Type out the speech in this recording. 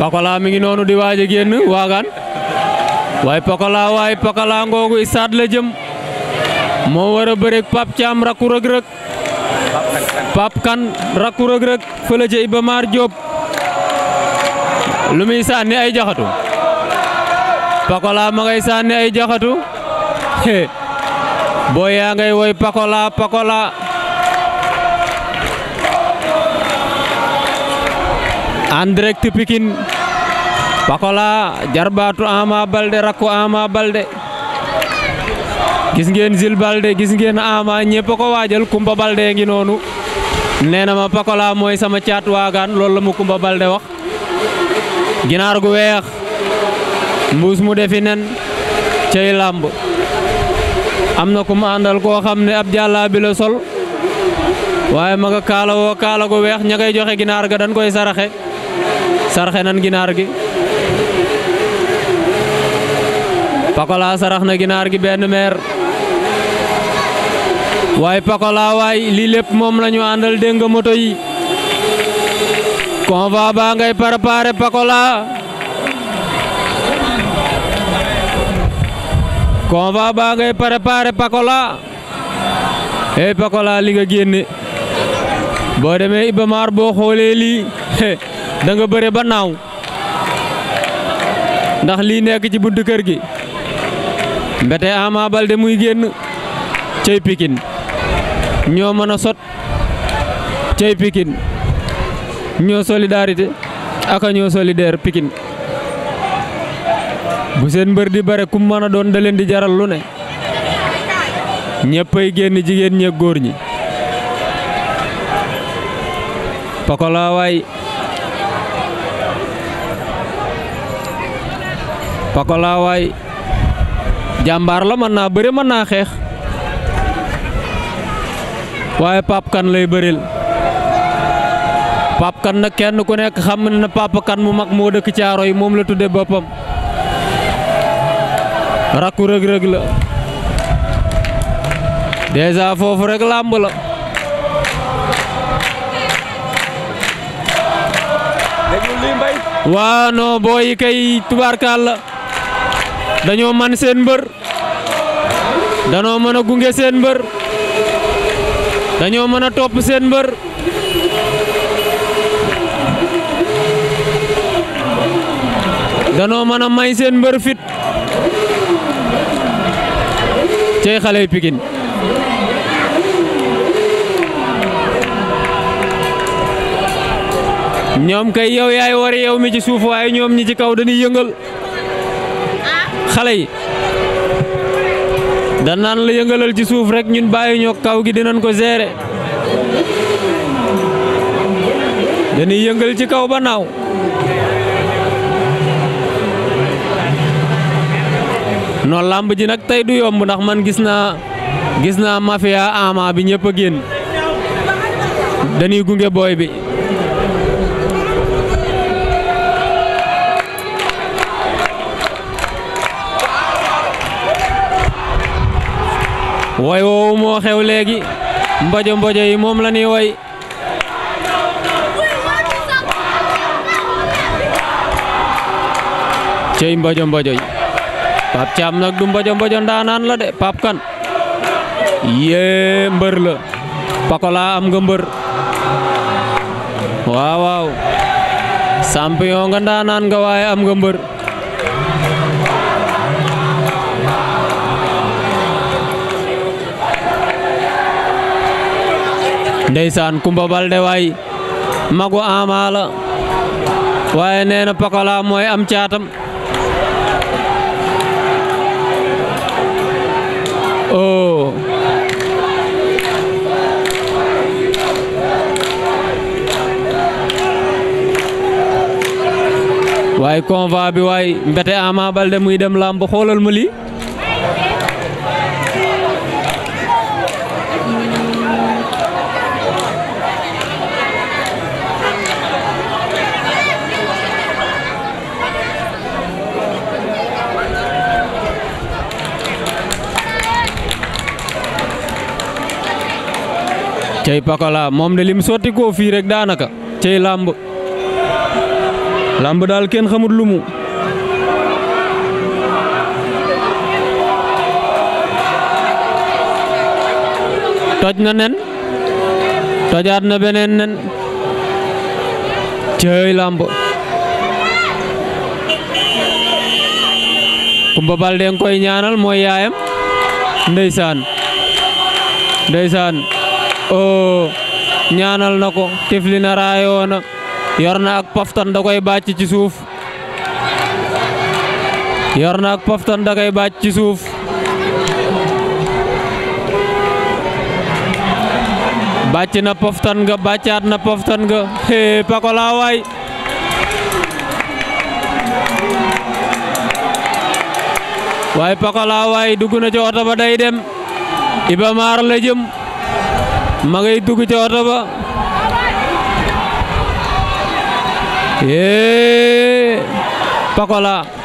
Pokola mu ngi noonu di waaj a génn waagaan waaye Pokola waaye Pokola ngoogu isaat la jëm moo war a bëreeg Pape rakku Reug Reug Pape rakku Reug Reug fële ca Iba Mar Diop lu muy sànni ay jaxatu Pokola ma ngay sànni ay jaxatu boo yaa ngay woy Pokola Pokola en direct Pikine Pakola jarbaatu Ama Baldé rakku Ama Baldé gis ngeen Jules Baldé gis ngeen Ama ñépp ko waajal Kumba Baldé ngi noonu nee na ma Pakola mooy sama caat waagaan loolu la mu Kumba balde wax ginaar gu weex mbuus mu defi nen cey làmb am na ku mu àndal koo xam ne ab jàllaa bi la sol waaye ma nga kaala woo kaala gu weex ña joxe ginaar ga dañ koy saraxe sarxe nan ginaar gi Pakola sarax na ginaar gi benn meer waaye Pakola waay lii lépp moom lañu àndal dégg nga moto yi convoi baa ngay préparé Pakola convoi hey eh, Pakola li nga génne boo demee Ibamar boo xoolee lii da nga bëre ba naaw ndax lii nekk ci buntu kër gi mbete Ama Baldé muy génn cey pikin ñoo mën a sot cey pikin ñoo solidarité aka ñoo solidaire pikin bu seen mbër di bare kum mën a doon da leen di jaral lu ne ñëppay génn jigéen ñeeg góor ñi Pokola waay jàmbaar la mën naa bëri mën naa xeex waaye Pape Kane lay bëril Pape Kane nag kenn ku nekk xam na ne Pape mu mag moo dëkk caaro yi moom la tudde boppam rakku rëg la déjà foofu rekk làmb la waa non booy yi kay tubaarkaal la dañoo man seen mbër dañoo mën a gunge seen mbër dañoo mën a topp seen mbër dañoo mën a may seen mbër fit cey xale Pikine ñoom kay yow yaay war yow mi ci suuf waaye ñoom ñi ci kaw dañuy yëngal xale yi danaan la yëngalal ci suuf rek ñun bàyyi ñoo kaw gi dinañ ko gérer dañuy yëngal ci kaw ba naaw non làmb ji nag tey du yomb ndax man gis naa gis naa mafia ama bi ñëpp a génn dañuy gunge booy bi. woy woowu moo xew léegi mbojo mbojo yi moom la ñuy woy cey mbojo mbojo yi Pape Thiam nag du mbojo mbajo ndaanaan la de Pape Kane yee mbër la Pakola am nga mbër waaw waaw champion nga ndaanaan nga waaye am nga mbër ndeysaan Kumba Balde waay magu Ama la waaye nee na Pokola mooy am caatam oh waaye convoi bi waay mbete Ama Balde muy dem làmb xoolal ma cey Pakala moom de lim sotti koo fii rek daanaka cey làmb làmb daal kenn xamut lumu toj na nen tojaat na beneen nen cey làmb Kumba Baldé nga koy ñaanal mooy yaayam ndeysaan ndeysaan oo oh, ñaanal na ko tifli na raayoo na yor na ak paftan da koy bàcc ci suuf yor na ak paftan da koy bàcc ci suuf bàcc na paftan nga bàccaat na paftan nga hee Pakola waay waay Pakola waay dugg na ci oto ba day dem Iba Maar la jëm ma ngay dugg ca oto ba yee Pakola